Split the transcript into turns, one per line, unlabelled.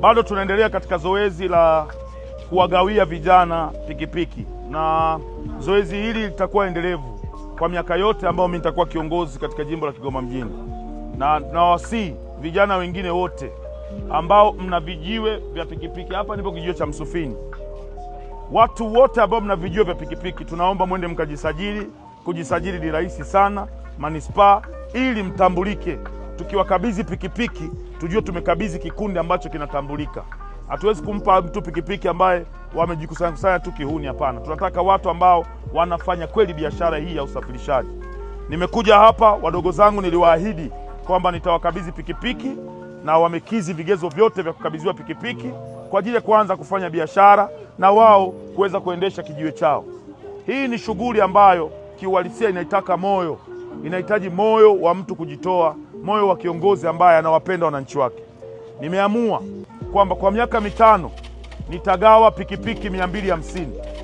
Bado tunaendelea katika zoezi la kuwagawia vijana pikipiki piki. Na zoezi hili litakuwa endelevu kwa miaka yote ambayo mimi nitakuwa kiongozi katika jimbo la Kigoma mjini, na nawasii vijana wengine wote ambao mna vijiwe vya pikipiki. Hapa ndipo kijiwe cha Msufini. Watu wote ambao mna vijiwe vya pikipiki, tunaomba mwende mkajisajili. Kujisajili ni rahisi sana manispaa, ili mtambulike. Tukiwakabidhi pikipiki tujue tumekabidhi kikundi ambacho kinatambulika. Hatuwezi kumpa mtu pikipiki ambaye wamejikusanyakusanya tu kihuni. Hapana, tunataka watu ambao wanafanya kweli biashara hii ya usafirishaji. Nimekuja hapa, wadogo zangu, niliwaahidi kwamba nitawakabidhi pikipiki na wamekizi vigezo vyote vya kukabidhiwa pikipiki kwa ajili ya kuanza kufanya biashara na wao kuweza kuendesha kijiwe chao. Hii ni shughuli ambayo kiuhalisia inaitaka moyo, inahitaji moyo wa mtu kujitoa moyo wa kiongozi ambaye anawapenda wananchi wake. Nimeamua kwamba kwa miaka mitano nitagawa pikipiki mia mbili hamsini.